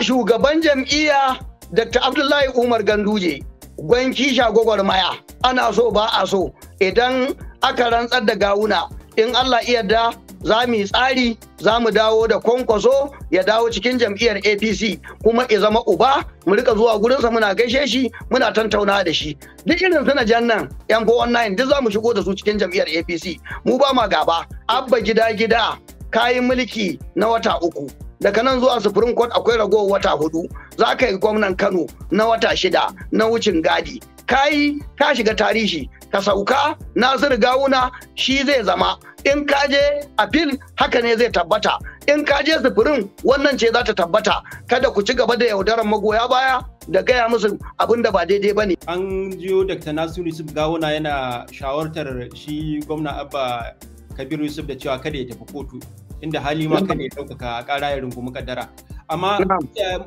shugaban jam'iyya Dr. Abdullahi Umar Ganduje gwanki shagogwar maya ana so ba a so idan aka rantsar da gawuna in Allah da za mu yi tsari za mu dawo da kwankwaso ya dawo cikin jam'iyyar apc kuma ya zama uba mu rika zuwa gurinsa muna gaishe shi muna tantauna da shi duk irin suna nan yan 419 duk za mu shigo da su cikin jam'iyyar apc mu ba ma gaba abba gida gida kayan mulki na wata uku daga nan zuwa supreme court akwai ragowar wata hudu za ka yi gwamnan kano na wata shida na wucin gadi kayi ka shiga tarihi ka sauka nasiru gawuna shi zai zama in ka je appeal haka ne zai tabbata in ka je sufurin wannan ce za ta tabbata kada ku ci gaba da yaudarar magoya baya da gaya musu abin da ba daidai ba ne. an jiyo dr nasiru yusuf gawuna yana shawartar shi gwamna abba kabiru yusuf da cewa kada ya tafi kotu inda hali ma kan ya a ƙara ya rungumi kaddara amma eh,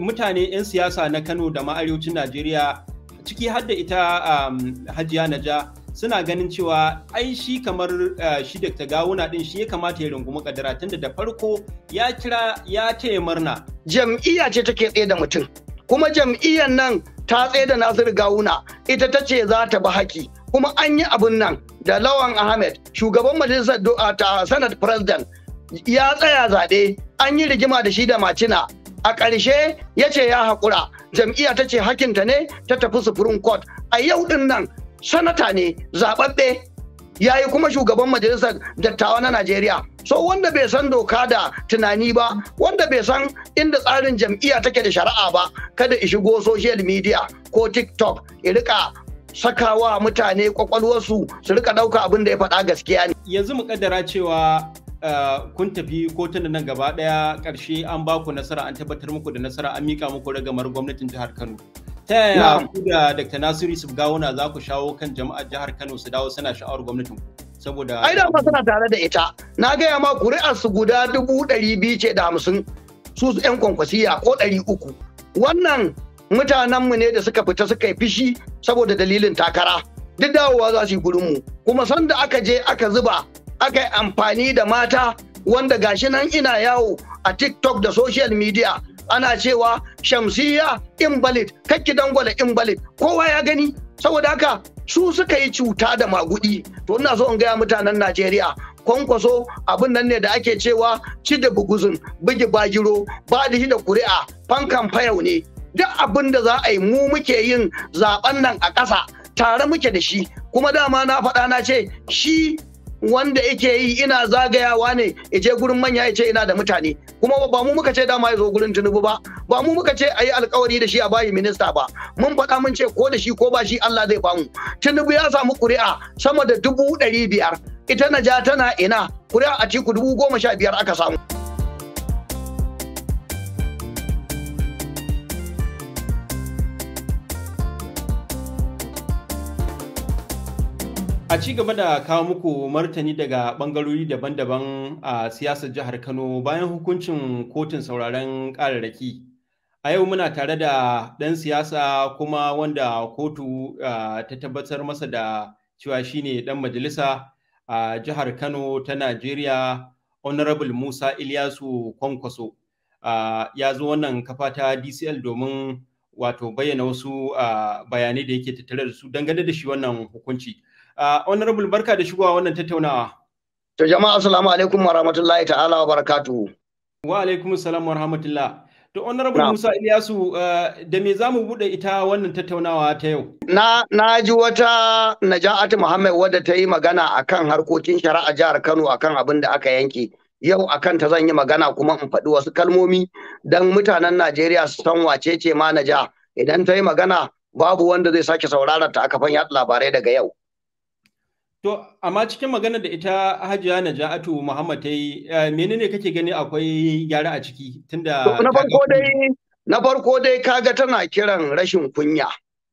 mutane 'yan siyasa na kano da ma arewacin najeriya ciki har da ita hajiya naja suna ganin cewa ai shi kamar eh, shi da ta gawuna din shi ya kamata ya rungumi kaddara tunda da farko ya kira ya taya murna jam'iyya ce take tsaye da mutum kuma jam'iyyar nan ta tsaye da Nasiru Gawuna ita ta ce za ta bi haƙi kuma an yi abin nan da Lawan Ahmed shugaban majalisar ta Senate President ya tsaya zaɓe an yi rigima da shi da macina a ƙarshe ya ce ya haƙura jam'iyya ta ce hakinta ne ta tafi supreme court a yau ɗin nan sanata ne zaɓaɓɓe ya yi kuma shugaban majalisar dattawa na najeriya so wanda bai san doka da tunani ba wanda bai san inda tsarin jam'iyya take da shari'a ba kada i shigo social media ko tiktok i rika sakawa mutane kwakwalwarsu su rika ɗauka abin da ya faɗa gaskiya ne yanzu mu kaddara cewa Eh, kun tafi kotun da nan gaba ɗaya karshe an ba ku nasara an tabbatar muku da nasara an mika muku ragamar gwamnatin jihar Kano ta yaya ku da Dr. Nasiru su Gawuna za ku shawo kan jama'ar jihar Kano su dawo suna sha'awar gwamnatin ku saboda ai da suna tare da ita na gaya ma kuri'ar su guda dubu ɗari biyu ce da hamsin su yan kwankwasiya ko ɗari uku wannan mutanenmu ne da suka fita suka yi fishi saboda dalilin takara duk dawowa za su yi gurinmu kuma sanda aka je aka zuba aka yi amfani da mata wanda gashi nan ina yawo a tiktok da social media ana cewa shamsiya invalid kakki dangwala invalid kowa ya gani saboda haka su suka yi cuta da magudi to ina so in gaya mutanen najeriya kwankwaso abin nan ne da ake cewa ci da buguzun bugi bagiro ba da shi da kuri'a fankan fayau ne duk abin da za a yi mu muke yin zaben nan a ƙasa tare muke da shi kuma dama na faɗa na ce shi wanda yake yi ina zagayawa ne je gurin manya ya ce ina da mutane kuma ba mu muka ce dama ya zo gurin tunubu ba ba mu muka ce a yi alkawari da shi a bayi minista ba mun faɗa mun ce ko da shi ko ba shi Allah zai bamu tunubu ya samu ƙuri'a sama da dubu ɗari biyar ita naja tana ina ƙuri'a a ciku dubu goma sha biyar aka samu. A ci gaba da kawo muku martani daga ɓangarori daban-daban a siyasar jihar Kano bayan hukuncin kotun sauraren ƙararraki. A yau muna tare da ɗan siyasa kuma wanda kotu ta tabbatar masa da cewa shi ne ɗan majalisa a jihar Kano ta Najeriya Honorable Musa Ilyasu Kwankwaso. Ya zo wannan kafa ta DCL domin wato bayyana wasu bayanai da yake tattare da su dangane da shi wannan hukunci. Uh, honorable barka da shigowa wannan tattaunawa. To jama'a assalamu alaikum wa rahmatullahi ta'ala wa barakatuhu. Wa alaikum assalam wa rahmatullah. To honorable Musa Ilyasu uh, da me za mu buɗe ita wannan tattaunawa ta yau? Na na ji wata Naja'atu Muhammad wadda ta yi magana akan harkokin shari'a jihar Kano akan abin da aka yanke. Yau akan ta zan yi magana kuma in faɗi wasu kalmomi don mutanen Najeriya su san wacece ma Naja idan ta yi magana babu wanda zai sake saurara ta aka fan yaɗa labarai daga yau. To, amma cikin magana da ita Hajiya ja'atu Muhammad ta yi, eh, menene kake gani akwai gyara a ciki tunda da... farko dai na farko dai kaga tana kiran rashin kunya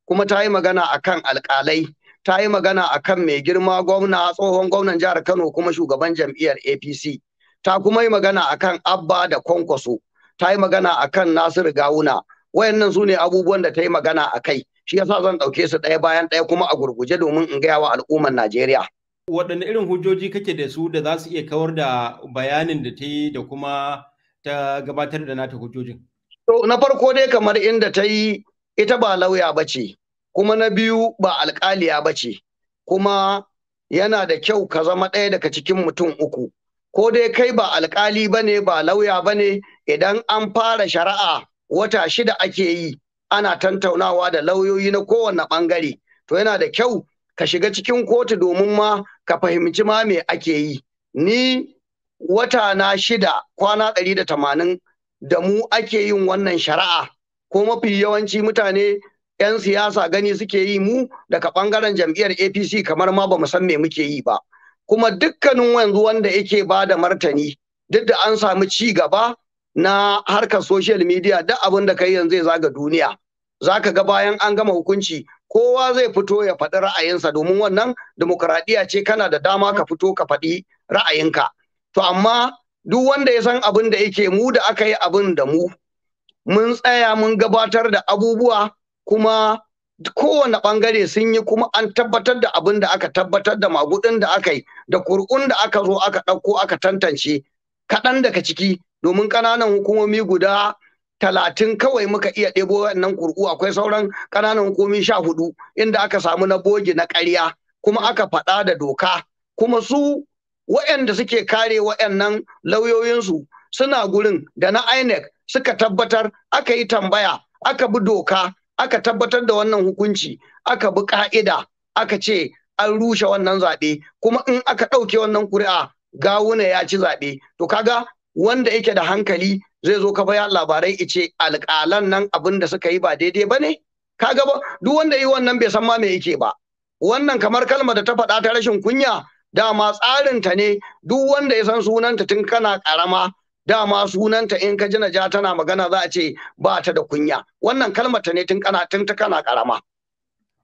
kuma ta yi magana a kan alkalai ta yi magana a kan mai girma gwamna tsohon gwamnan jihar Kano kuma shugaban jam'iyyar APC ta kuma yi magana a kan Abba da Kwankwaso ta yi magana a kan Nasiru Gawuna wayannan su ne abubuwan da ta yi magana a kai shi yasa zan ɗauke su ɗaya bayan ɗaya kuma a gurguje domin in gaya wa al'ummar Najeriya. Waɗanne irin hujjoji kake da su da za su iya kawar da bayanin da ta yi da kuma ta gabatar da nata hujjojin? To na farko dai kamar inda ta yi ita ba lauya ba ce, kuma na biyu ba alƙaliya ba ce, kuma yana da kyau ka zama ɗaya daga cikin mutum uku. Ko dai kai ba alƙali ba ne ba lauya ba ne idan an fara shari'a wata shida ake yi ana tantaunawa da lauyoyi na kowane ɓangare to yana da kyau ka shiga cikin kotu domin ma ka fahimci ma me ake yi ni wata na shida kwana ɗari da tamanin da mu ake yin wannan shari'a ko mafi yawanci mutane 'yan siyasa gani suke yi mu daga ɓangaren jam'iyyar apc kamar ma ba mu san me muke yi ba kuma dukkanin yanzu wanda yake ba da martani duk da an samu ci gaba na harkar social media duk abin da kai yanzu ya zaga duniya zaka ga bayan an gama hukunci kowa zai fito ya faɗi ra'ayinsa domin wannan demokuraɗiyya ce kana da dama ka fito ka faɗi ra'ayinka to amma duk wanda ya san abin da yake mu da aka yi abin da mu mun tsaya mun gabatar da abubuwa kuma kowane bangare sun yi kuma an tabbatar da abin da aka tabbatar da magudin da aka yi da kur'un da aka zo aka ɗauko aka tantance kaɗan daga ciki domin ƙananan hukumomi guda talatin kawai muka iya ɗebo wannan kurku akwai sauran ƙananan hukumomi sha hudu inda aka samu na bogi na ƙarya kuma aka faɗa da doka kuma su waɗanda suke kare waɗannan lauyoyinsu suna gurin da na INEC suka tabbatar aka yi tambaya aka bi doka aka tabbatar da wannan hukunci aka bi ka'ida aka ce an rushe wannan zaɓe kuma in aka ɗauke wannan ƙuri'a gawuna ya ci zaɓe to kaga wanda yake da hankali zai zo ka bayan labarai ice alƙalan nan abin da suka yi ba daidai ba ne kaga ba duk wanda yi wannan bai san ma me yake ba wannan kamar kalmar da ta faɗa ta rashin kunya dama tsarinta ne duk wanda ya san sunanta tun kana ƙarama dama sunanta in ka ji na ja tana magana za a ce ba ta da kunya wannan kalmar ta ne tun kana tun ta kana ƙarama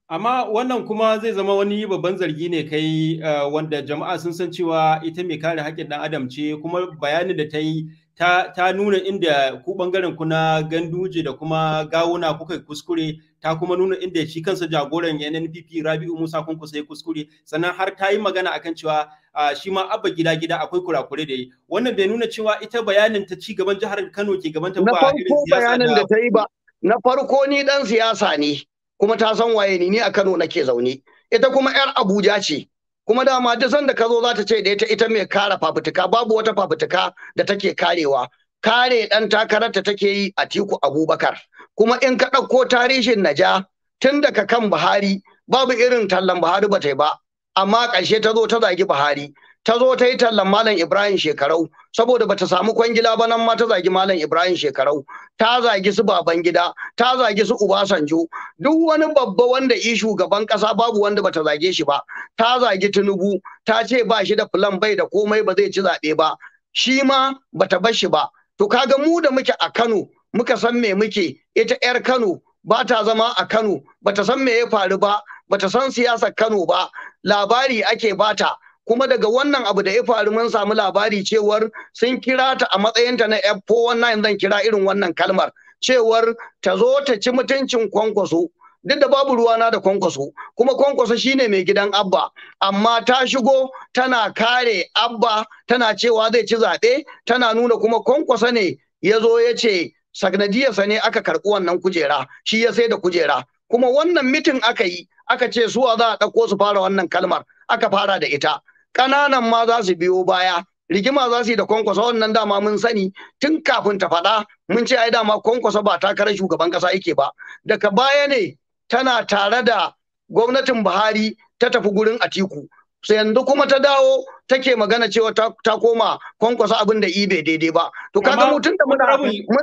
amma wannan kuma zai zama wani babban zargi ne kai eh, wanda jama'a sun san cewa ita mai kare haƙƙin ɗan adam ce kuma bayanin da ta yi ta nuna inda ku ɓangaren kuna ganduje da kuma gawuna kuka kuskure ta kuma nuna inda shi kansa jagoran NNPP Rabi'u Musa kun kusa kuskure sannan har ta yi magana akan cewa shi ma abba gida gida akwai kurakure da yi wannan bai nuna cewa ita bayanin ta ci gaban jihar Kano ke gaban ta ba irin siyasa da ta yi ba na farko ni dan siyasa ne kuma ta san waye ni ni a Kano nake zaune ita kuma yar Abuja ce kuma dama duk sanda ka zo za ta ce da ita ita mai kare fafutuka babu wata fafutuka da take karewa kare dan ta take yi a tiku Abubakar kuma in ka ɗauko tarihin Naja tun daga kan Buhari babu irin tallan Buhari ba ta yi ba amma ƙarshe ta zo ta zagi Buhari ta zo ta yi tallan malam ibrahim shekarau saboda bata samu kwangila ba nan ma ta zagi malam ibrahim shekarau ta zagi su baban gida ta zagi su ubasanjo duk wani babba wanda i shugaban kasa babu wanda bata zage shi ba ta zagi tinubu ta ce ba shi da filan bai da komai ba zai ci zaɓe ba shi ma bata bar shi ba to kaga mu da muke a kano muka san me muke ita yar kano ba ta zama a kano bata san me ya faru ba bata san siyasar kano ba labari ake bata kuma daga wannan abu da ya faru mun samu labari cewar sun kira ta a matsayinta na F419 zan kira irin wannan kalmar cewar ta zo ta ci mutuncin kwankwaso duk da babu ruwana da kwankwaso kuma kwankwaso shine mai gidan abba amma ta shigo tana kare abba tana cewa zai ci zaɓe tana nuna kuma kwankwaso ne ya zo ya ce sagnadiyarsa ne aka karɓi wannan kujera shi ya sai da kujera kuma wannan mitin aka yi aka ce suwa za a ɗauko su fara wannan kalmar aka fara da ita ƙananan ma za su biyo baya rigima za su yi da kwankwasa wannan dama mun sani tun kafin ta faɗa mun ce ai dama kwankwasa ba takarar shugaban ƙasa yake ba daga baya ne tana tare da gwamnatin buhari ta tafi gurin atiku sai yanzu kuma ta dawo take magana cewa ta koma kwankwasa abin da ibe daidai ba to kaga mutum da muna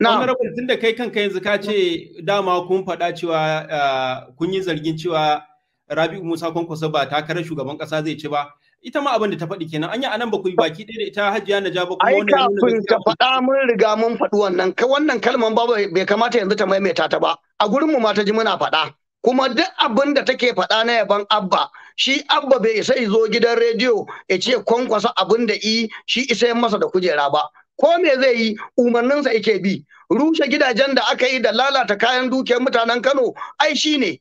Na. Honorable tun da kai kanka yanzu ka ce dama kun faɗa cewa eh, kun yi zargin cewa Rabi'u Musa Kwankwaso ba takarar shugaban ƙasa zai ci ba. ita ma abin da ta faɗi kenan anya anan ba ku yi baki ɗaya da ita hajiya na ja ba kuma wannan kafin ka faɗa mun riga mun faɗi wannan wannan kalman ba bai kamata yanzu ta maimaita ta ba a gurin mu ma ta ji muna faɗa kuma duk abin da take faɗa na yaban abba shi abba bai isa zo gidan rediyo ya ce kwankwasa abin da i shi isa masa da kujera ba ko me zai yi umarninsa yake bi rushe gidajen da aka yi da lalata kayan dukiyar mutanen kano ai shine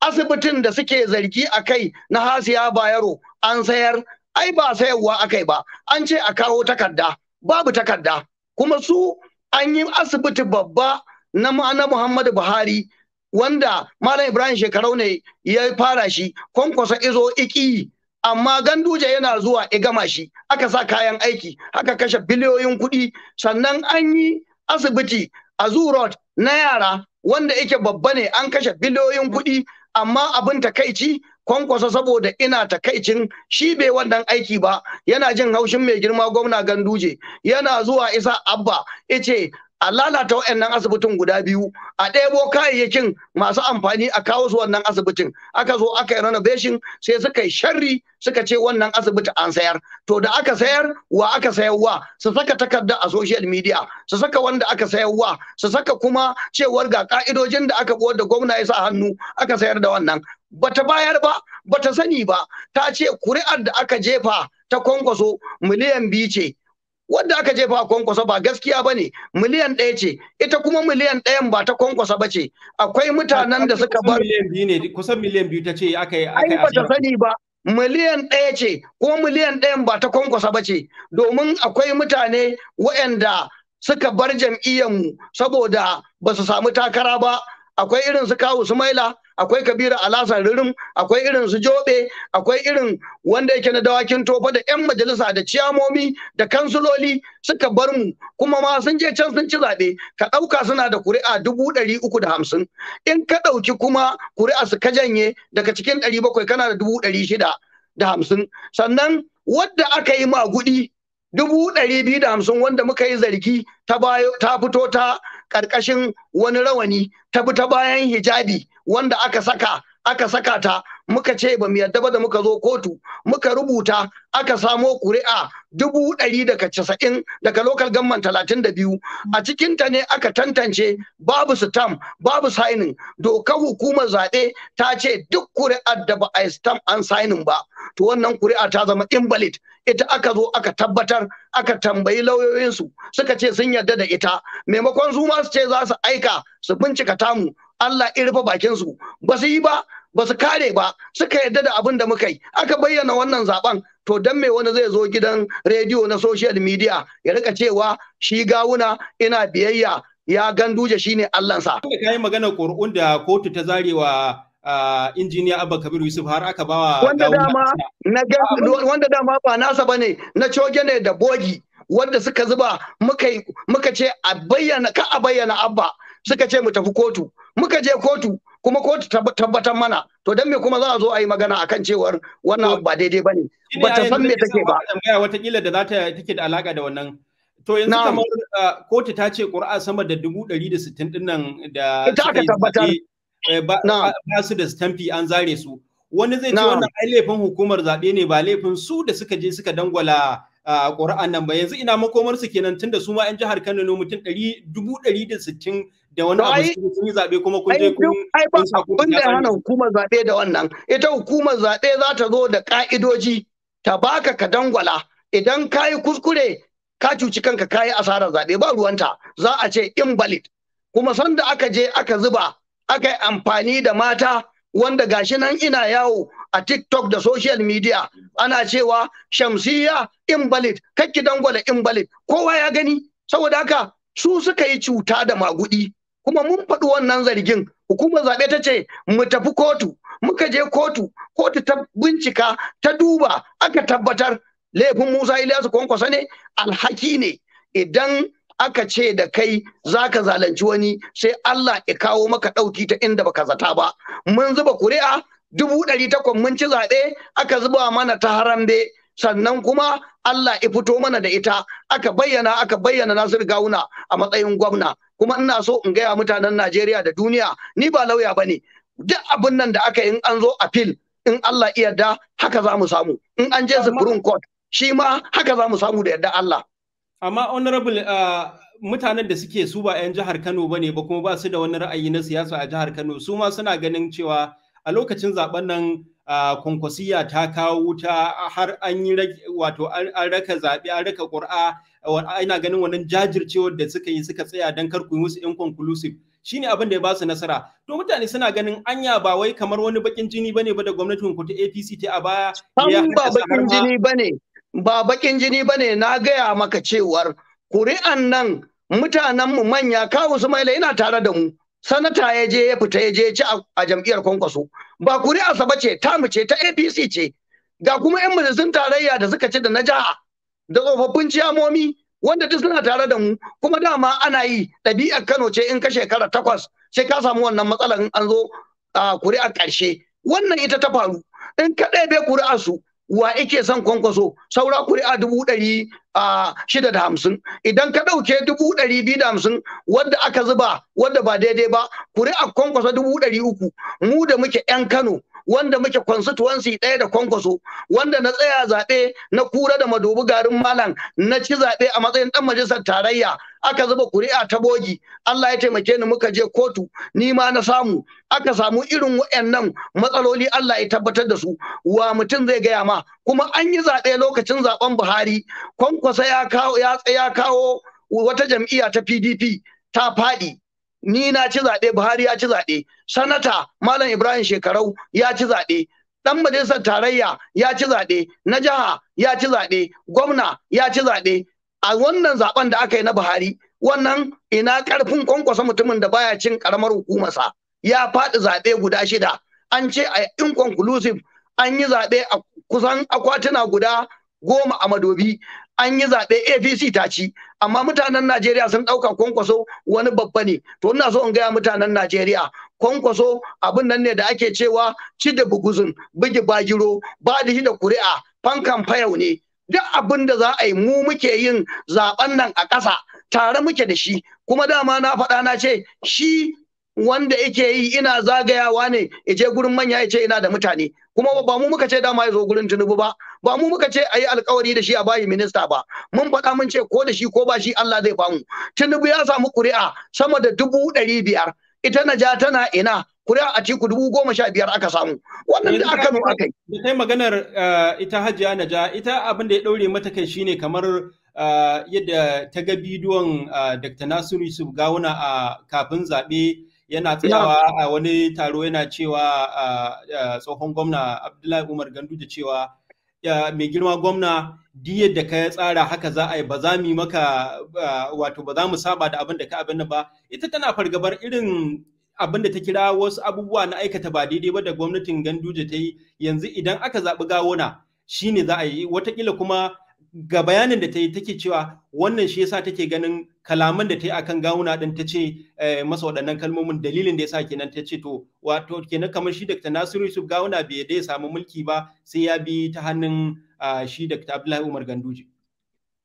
asibitin da suke zargi a kai na hasiya bayero an sayar ai ba sayarwa akai ba an ce a kawo takarda babu takarda kuma su an yi asibiti babba na na Muhammadu Buhari wanda Malam Ibrahim shekarau ne ya fara shi kwankwasa izo iki amma ganduje yana zuwa "Igama shi aka sa kayan aiki aka kashe biliyoyin kuɗi sannan an yi asibiti a zurot na yara wanda yake babba ne an kashe biliyoyin kuɗi amma abin takaici kwankwasa saboda ina takaicin shi bai wannan aiki ba yana jin haushin mai girma gwamna ganduje yana zuwa isa abba ice a lalata waɗannan asibitin guda biyu a ɗebo kayayyakin masu amfani a kawo su wannan asibitin aka zo aka yi renovation sai suka yi sharri suka ce wannan asibiti an sayar to da aka sayar wa aka sayarwa su saka takarda a social media su saka wanda aka sayarwa su saka kuma cewar ga ka'idojin da aka buwar da gwamna ya sa hannu aka sayar da wannan bata bayar ba bata sani ba ta ce kuri'ar da aka jefa ta kwankwaso miliyan biyu ce wadda aka jefa a kwankwaso ba gaskiya ba ne miliyan ɗaya ce ita kuma miliyan ɗayan ba ta kwankwaso ba ce akwai mutanen da suka bar miliyan biyu ne kusan miliyan biyu ta ce aka yi ai bata sani ba miliyan ɗaya ce ko miliyan ɗayan ba ta kwankwaso ba ce domin akwai mutane waɗanda suka bar jam'iyyarmu saboda ba su samu takara ba akwai irin su kawu sumaila akwai kabira alasan ririm akwai irin su jobe akwai irin wanda yake na dawakin tofa da yan majalisa da ciyamomi da kansuloli suka bar mu kuma ma sun je can sun ci zaɓe ka ɗauka suna da kuri'a dubu ɗari uku da hamsin in ka ɗauki kuma kuri'a su ka janye daga cikin ɗari bakwai kana da dubu ɗari shida da hamsin sannan wadda aka yi magudi dubu ɗari biyu da hamsin wanda muka yi zargi ta bayo ta fito ta Karkashin wani rawani ta bi ta bayan hijabi wanda aka saka aka saka ta muka ce ba mu yadda ba da muka zo kotu muka rubuta aka samo kuri'a dubu ɗari daga casa'in daga lokal gamman talatin da biyu a cikinta ne aka tantance babu stam babu sainin dokar hukumar zaɓe ta ce duk kuri'ar da ba a yi stam an sainin ba to wannan kuri'a ta zama invalid ita aka zo aka tabbatar aka tambayi lauyoyinsu suka ce sun yarda da ita maimakon su ma su ce za su aika su bincika tamu Allah ya rufe bakin su ba su yi ba ba su kare ba suka yarda da abin da muka yi aka bayyana wannan zaben to dan me wani zai zo gidan rediyo na social media ya rika cewa shi gawuna ina biyayya ya ganduje shine Allahnsa. Ka yi magana ƙuri'un da kotu ta zarewa injiniya Abba Kabiru Yusuf har aka bawa wanda dama na wanda dama ba nasa bane na coge ne da bogi wanda suka zuba muka muka ce a bayyana ka a bayyana Abba suka ce mu tafi kotu muka je kotu kuma kotu tabbatar mana to dan me kuma za a zo a yi magana akan cewar wannan ba daidai bane ba ta san me take ba watakila da za ta take da alaka da wannan to yanzu kamar uh, kotu ta ce qur'a sama da dubu ɗari da sittin nan da ita aka tabbatar eh, ba su da stampi an zare su wani zai ce wannan ai laifin hukumar zaɓe ne ba laifin su da suka je suka dangwala uh, ƙura'an nan ba yanzu ina makomar su kenan tunda su ma 'yan jihar Kano ne mutum dubu da sittin da wani abu sun yi zaɓe kuma kun je kun ai ba Kun da hana hukumar zaɓe da wannan ita hukumar zaɓe za ta zo da ƙa'idoji ta baka ka dangwala idan ka yi kuskure ka cuci kanka ka yi asarar zaɓe ba ruwanta za a ce invalid kuma sanda aka je aka zuba aka yi amfani da mata wanda gashi nan ina yawo a TikTok da social media ana cewa shamsiya invalid kakki dangwala invalid kowa ya gani saboda haka su suka yi cuta da magudi kuma mun faɗi wannan zargin hukumar zaɓe ta ce mu tafi kotu muka je kotu kotu ta bincika ta duba aka tabbatar laifin Musa Ilyasu kwankwasa ne alhaki ne idan aka ce da kai zaka zalunci wani sai Allah ya kawo maka ɗauki ta inda baka zata ba mun zuba kuri'a dubu ɗari takwas mun ci zaɓe aka zuba mana ta harambe sannan kuma Allah ya fito mana da ita aka bayyana aka bayyana Nasiru Gawuna a matsayin gwamna kuma ina so in gaya mutanen Najeriya da duniya ni ba lauya bane duk abin nan da aka yi in an zo appeal in Allah iya da haka za mu samu in an je Supreme Court shi ma haka za mu samu da yadda Allah amma honorable uh, mutanen da suke su ba 'yan jihar Kano bane ba kuma ba su da wani ra'ayi na siyasa a jihar Kano su ma suna ganin cewa a lokacin zaben nan uh, kwankwasiya ta kawo wuta har an yi wato an raka zaɓe an raka ƙuri'a. ina ganin wannan jajircewar da suka yi suka tsaya don kar ku yi musu inconclusive shine abin da ya ba su nasara to mutane suna ganin anya ba wai kamar wani bakin jini bane ba da gwamnati ta APC ta a baya ba bakin jini bane ba bakin jini bane na gaya maka cewar kuri'an nan mutanen mu manya kawo su yana tare da mu sanata ya je ya fita ya je ci a jam'iyyar kwankwaso ba kuri'a ba ce mu ce ta apc ce ga kuma 'yan majalisun tarayya da suka ci da na jiha da tsofaffin ciyamomi wanda duk suna tare da mu kuma dama ana yi ɗabi'ar Kano ce in ka shekara takwas sai ka samu wannan matsalar in an zo a kuri'ar ƙarshe wannan ita ta faru in ka ɗabe kuri'ar su wa ike son kwankwaso saura kuri'a dubu ɗari shida da hamsin idan ka ɗauke dubu ɗari biyu da hamsin wadda aka zuba wadda ba daidai ba kuri'a kwankwaso dubu ɗari uku mu da muke 'yan Kano wanda muke constituency ɗaya da kwankwaso wanda na tsaya zaɓe na kura da madobi garin malam na ci zaɓe a matsayin ɗan majalisar tarayya aka zuba kuri'a ta bogi Allah ya taimake ni muka je kotu ni ma na samu aka samu irin waɗannan matsaloli Allah ya tabbatar da su wa mutum zai gaya ma kuma an yi zaɓe lokacin zaɓen Buhari kwankwaso ya kawo ya kawo wata jam'iyya ta PDP ta faɗi ni na ci zaɓe Buhari ya ci zaɓe sanata Malam Ibrahim Shekarau ya ci zaɓe Ɗan majalisar tarayya ya ci zaɓe na jiha ya ci zaɓe gwamna ya ci zaɓe a wannan zaɓen da aka yi na Buhari wannan ina ƙarfin kwankwasa mutumin da baya cin ƙaramar hukumarsa ya faɗi zaɓe guda shida an ce a inconclusive an yi zaɓe a kusan akwatuna guda goma a madobi an yi zaɓe apc ta ci amma mutanen Najeriya sun ɗauka kwankwaso wani babba ne to ina so in gaya mutanen Najeriya kwankwaso abin nan ne da ake cewa ci da buguzun bugi bagiro ba da shi da kuri'a fankan fayau ne duk abin da za a yi mu muke yin zaben nan a ƙasa tare muke da shi kuma dama na faɗa na ce shi wanda yake yi ina zagayawa ne ya je gurin manya ya ce ina da mutane kuma ba mu muka ce dama ya zo gurin Tinubu ba ba mu muka ce ayi alkawari da shi a bayi minista ba mun faɗa mun ce ko da shi ko ba shi Allah zai bamu Tinubu ya samu ƙuri'a sama da dubu ɗari biyar ita na ja tana ina ƙuri'a a ciku dubu goma sha biyar aka samu wannan da aka nuna kai da kai maganar eh, ita hajiya naja ita abin da ya ɗaure mata kai shine kamar eh, yadda ta ga bidiyon eh, Dr. Nasiru Yusuf Gawuna a kafin zaɓe yana tsayawa a wani taro yana cewa tsohon gwamna Abdullahi Umar Ganduje cewa mai girma gwamna diyar da ka tsara haka za a yi ba za mu maka wato ba za mu saba da abin da ka abin ba ita tana fargabar irin abin da ta kira wasu abubuwa na aikata ba daidai ba da gwamnatin ganduje ta yi yanzu idan aka zaɓi gawona shine za a yi watakila kuma ga bayanin da ta yi take cewa wannan shi yasa take ganin kalaman da ta yi akan gawuna din ta ce eh, masa waɗannan kalmomin dalilin da yasa kenan ta ce to wato kenan kamar shi Dr. Nasiru Yusuf gawuna bai da ya samu mulki ba sai ya bi ta hannun shi Dr. Abdullahi Umar Ganduje.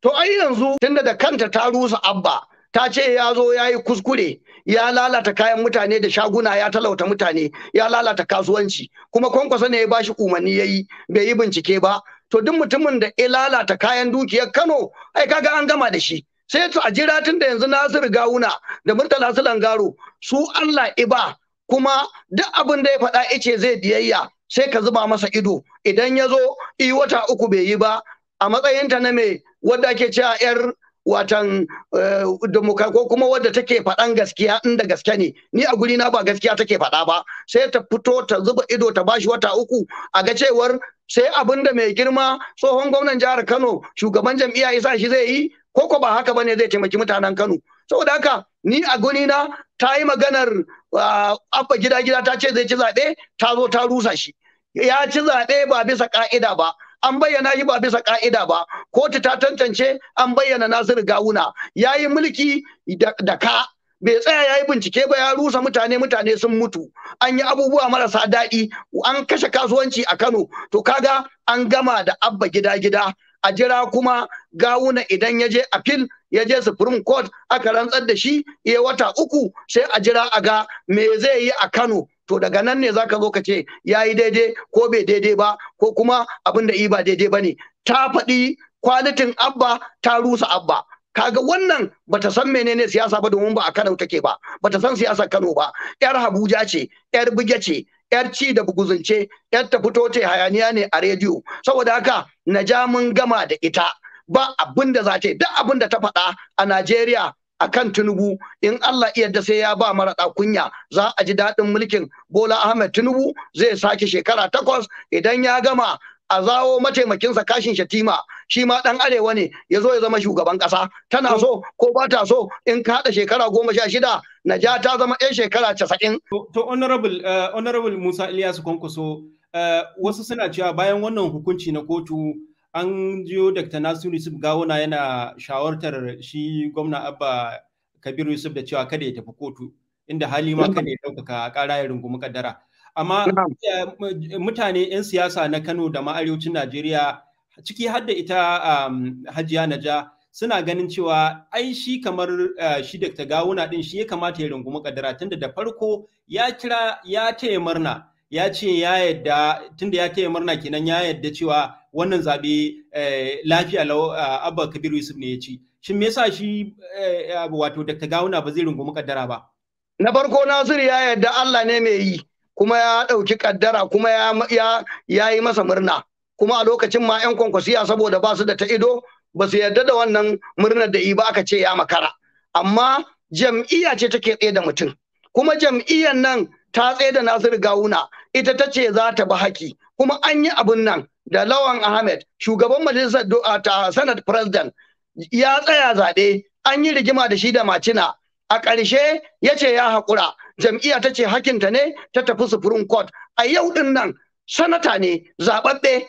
To ai yanzu tunda da kanta ta rusa Abba ta ce ya zo ya yi kuskure ya lalata kayan mutane da shaguna ya talauta mutane ya lalata kasuwanci kuma kwankwasa ne ya bashi umarni ya yi bai yi bincike ba to duk mutumin da ya lalata kayan dukiyar Kano ai kaga an gama da shi sai to a jira tun da yanzu Nasiru Gawuna da Murtala Sulangaro su Allah iba kuma duk abin da ya faɗa ice zai diyayya, sai ka zuba masa ido idan ya zo i wata uku bai yi ba a matsayinta na mai wadda ake cewa yar watan eh, demokra ko kuma wadda take faɗan gaskiya inda gaske ne ni a guri na ba gaskiya take faɗa ba sai ta fito ta zuba ido ta bashi wata uku a ga cewar sai abin da mai girma tsohon gwamnan jihar Kano shugaban jam'iyya yasa shi zai yi ko ko ba haka bane zai taimaki mutanen Kano saboda haka ni a guri na ta yi maganar ah, abba gida gida ta ce zai ci zaɓe ta zo ta rusa shi ya ci zaɓe ba bisa ka'ida ba an bayyana shi ba bisa ka'ida ba kotu ta tantance an bayyana Nasiru Gawuna ya yi mulki da ka bai tsaya ya yi bincike ba ya rusa mutane mutane sun mutu an yi abubuwa marasa daɗi an kashe kasuwanci a Kano to kaga an gama da abba gida gida a jira kuma gawuna idan ya je fil ya je supreme court aka rantsar da shi ya wata uku sai a jira a ga me zai yi a Kano to daga nan ne zaka zo ka ce ya yi daidai ko bai daidai ba ko kuma abin da yi ba daidai ba ne ta faɗi kwalitin abba ta rusa abba kaga wannan bata san menene siyasa ba domin ba a Kano take ba bata san siyasar Kano ba yar Habuja ce yar Buge ce yar ci da buguzunce yar ta fito ce hayaniya ne a rediyo saboda haka na ja mun gama da ita ba abin da za ta duk abin da ta faɗa a Najeriya a kan Tinubu in Allah iya da sai ya ba maraɗa kunya za a ji daɗin mulkin Bola Ahmed Tinubu zai sake shekara takwas idan ya gama a zawo mataimakinsa kashin shatima shi ma dan arewa ne ya zo ya zama shugaban kasa tana so ko ba ta so in ka haɗa shekara goma sha shida naja ta zama yan shekara casa'in. to honorable eh, honorable musa iliyasu kwankwaso eh, wasu suna cewa bayan wannan hukunci na kotu an jiyo dr nasiru yusuf gawuna yana shawartar shi gwamna abba kabiru yusuf da cewa kada ya tafi kotu inda hali ma kada ya ɗaukaka ƙara ya rungumi kaddara. Amma mutane 'yan siyasa na Kano da ma Najeriya ciki har da ita um, Hajiya Naja suna ganin cewa ai shi kamar uh, shi da gawuna din shi ya kamata ya rungumi kadara tunda da farko ya kira ya taya murna ya ce ya yadda tunda ya taya murna kenan ya yadda cewa wannan zabe eh, lafiya lau uh, abba kabir yusuf ne ya ci shin me yasa shi eh, wato da gawuna ba zai rungumi kadara ba na farko nasiru ya yadda allah ne mai yi kuma ya ɗauki kaddara kuma ya yi masa murna kuma a lokacin ma 'yan kwankwasiya saboda ba su da ta ido ba su yarda da wannan murnar da ba aka ce ya makara amma jam'iyya ce take tsaye da mutum kuma jam'iyyar nan ta tsaye da nasiru gawuna ita ta ce za ta bi haki kuma an yi abin nan da lawan ahmed shugaban majalisar ta senate president ya tsaya zaɓe an yi rigima da shi da macina a ƙarshe ya ce ya haƙura jam'iyya ta ce hakinta ne ta tafi supreme court a yau din nan sanata ne zaɓaɓɓe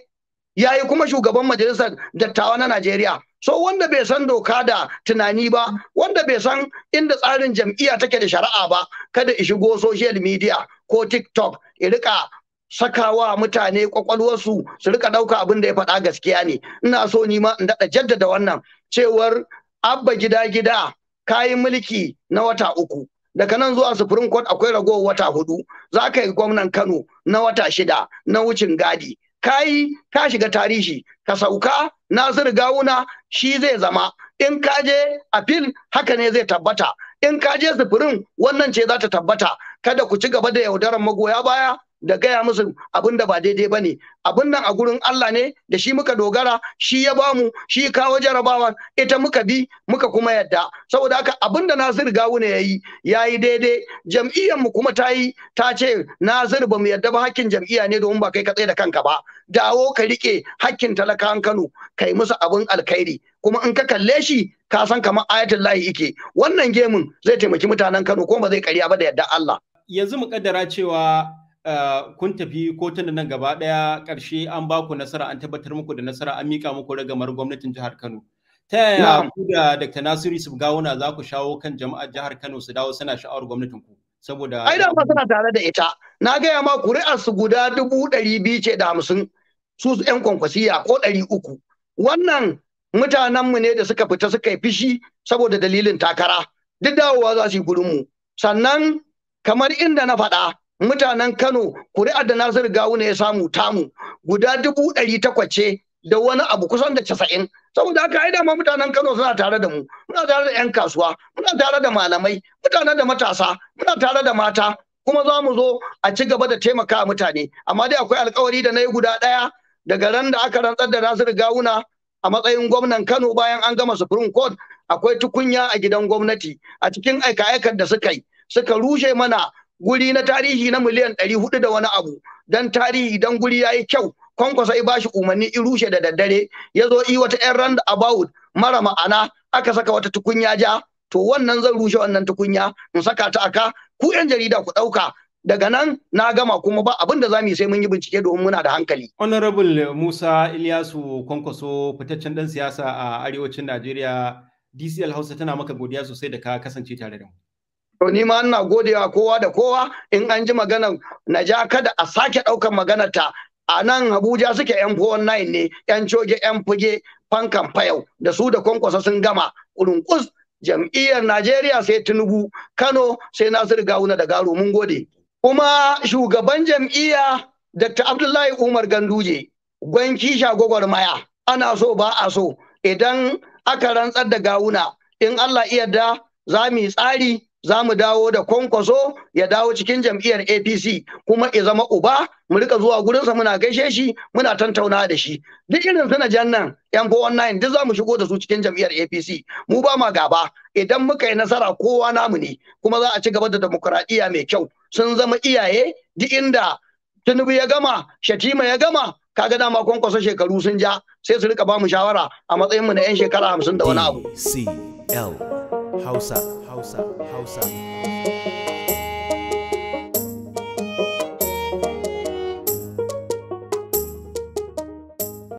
ya yi kuma shugaban majalisar dattawa na najeriya so wanda bai san doka da tunani ba wanda bai san inda tsarin jam'iyya take da shari'a ba kada i shigo social media ko tiktok i rika sakawa mutane kwakwalwarsu su rika ɗauka abin da ya faɗa gaskiya ne ina so ni ma in daɗa jaddada wannan cewar abba gida gida kayi mulki na wata uku daga nan zuwa supreme court akwai ragowar wata hudu za ka yi gwamnan kano na wata shida na wucin gadi kayi ka shiga tarihi ka sauka nasiru gawuna shi zai zama in ka je appeal haka ne zai tabbata in ka je sufurin wannan ce za ta tabbata kada ku ci gaba da yaudarar magoya baya da gaya musu abin da ba daidai ba ne abin nan a gurin Allah ne da shi muka dogara shi ya bamu shi kawo jarabawan ita muka bi muka kuma yadda saboda haka abin da Nasir Gawuna ya yi ya yi daidai jam'iyyar mu kuma ta yi ta ce Nasir ba mu yadda ba hakkin jam'iyya ne domin ba kai ka da kanka ba dawo ka rike hakkin talakawan Kano kai musu abin alkhairi kuma in ka kalle shi ka san kamar ayatul lahi yake wannan gemun zai taimaki mutanen Kano ko ba zai karya ba da yadda Allah yanzu mu kaddara cewa Eh, kun tafi kotun da nan gaba ɗaya ƙarshe an ba ku nasara an tabbatar muku da nasara an miƙa muku ragamar gwamnatin jihar Kano. Ta yaya ku da Dr. Nasiru Yusuf Gawuna za ku shawo kan jama'ar jihar Kano su dawo suna sha'awar gwamnatin ku? Saboda ai da suna tare da ita. Na gaya ma kuri'ar su guda dubu ɗari biyu ce da hamsin su ƴan kwankwasiya ko ɗari uku. Wannan mutanenmu ne da suka fita suka yi fishi saboda dalilin takara. Duk dawowa za su yi gurinmu. Sannan kamar inda na faɗa mutanen Kano kuri'ar da Nasiru Gawuna ya samu tamu guda dubu ɗari takwas ce da wani abu kusan da casa'in saboda haka ai dama mutanen Kano suna tare da mu muna tare da 'yan kasuwa muna tare da malamai mutane da matasa muna tare da mata kuma za mu zo a ci gaba da taimaka mutane amma dai akwai alkawari da na yi guda ɗaya daga ran da aka rantsar da Nasiru Gawuna a matsayin gwamnan Kano bayan an gama Supreme Court akwai tukunya a gidan gwamnati a cikin aika aikan da suka yi suka rushe mana guri na tarihi na miliyan ɗari hudu da wani abu dan tarihi dan guri ya yi kyau kwankwasa ya bashi umarni i rushe da daddare ya zo i wata yan randa about mara ma'ana aka saka wata tukunya ja to wannan zan rushe wannan tukunya in saka ta aka ku yan jarida ku ɗauka daga nan na gama kuma ba abin da za mu yi sai mun yi bincike domin muna da hankali. Honorable Musa Ilyasu Kwankwaso fitaccen ɗan siyasa a arewacin Najeriya DCL Hausa tana maka godiya sosai da ka kasance tare da mu. To ni ma ina godewa kowa da kowa in an ji maganar na ja kada a sake ɗaukar maganar ta a nan Abuja suke yan 419 ne yan coge yan fuge fankan fayau da su da kwankwasa sun gama kurunkus jam'iyyar Najeriya sai Tinubu Kano sai Nasiru Gawuna da Garo mun gode. Kuma shugaban jam'iyya Dr. Abdullahi Umar Ganduje gwanki shagogwar maya ana so ba a so idan aka rantsar da gawuna in Allah iya da za mu yi tsari za mu dawo da kwankwaso ya dawo cikin jam'iyyar apc kuma ya zama uba mu rika zuwa gurinsa muna gaishe shi muna tantauna da shi duk irin suna jan nan yan 419 duk za mu shigo da su cikin jam'iyyar apc mu ba ma gaba idan muka yi nasara kowa namu ne kuma za a ci gaba da demokuraɗiyya mai kyau sun zama iyaye duk inda tinubu ya gama shatima ya gama kaga dama kwankwaso shekaru sun ja sai su rika ba mu shawara a matsayinmu na 'yan shekara hamsin da wani abu. Hausa, Hausa, Hausa.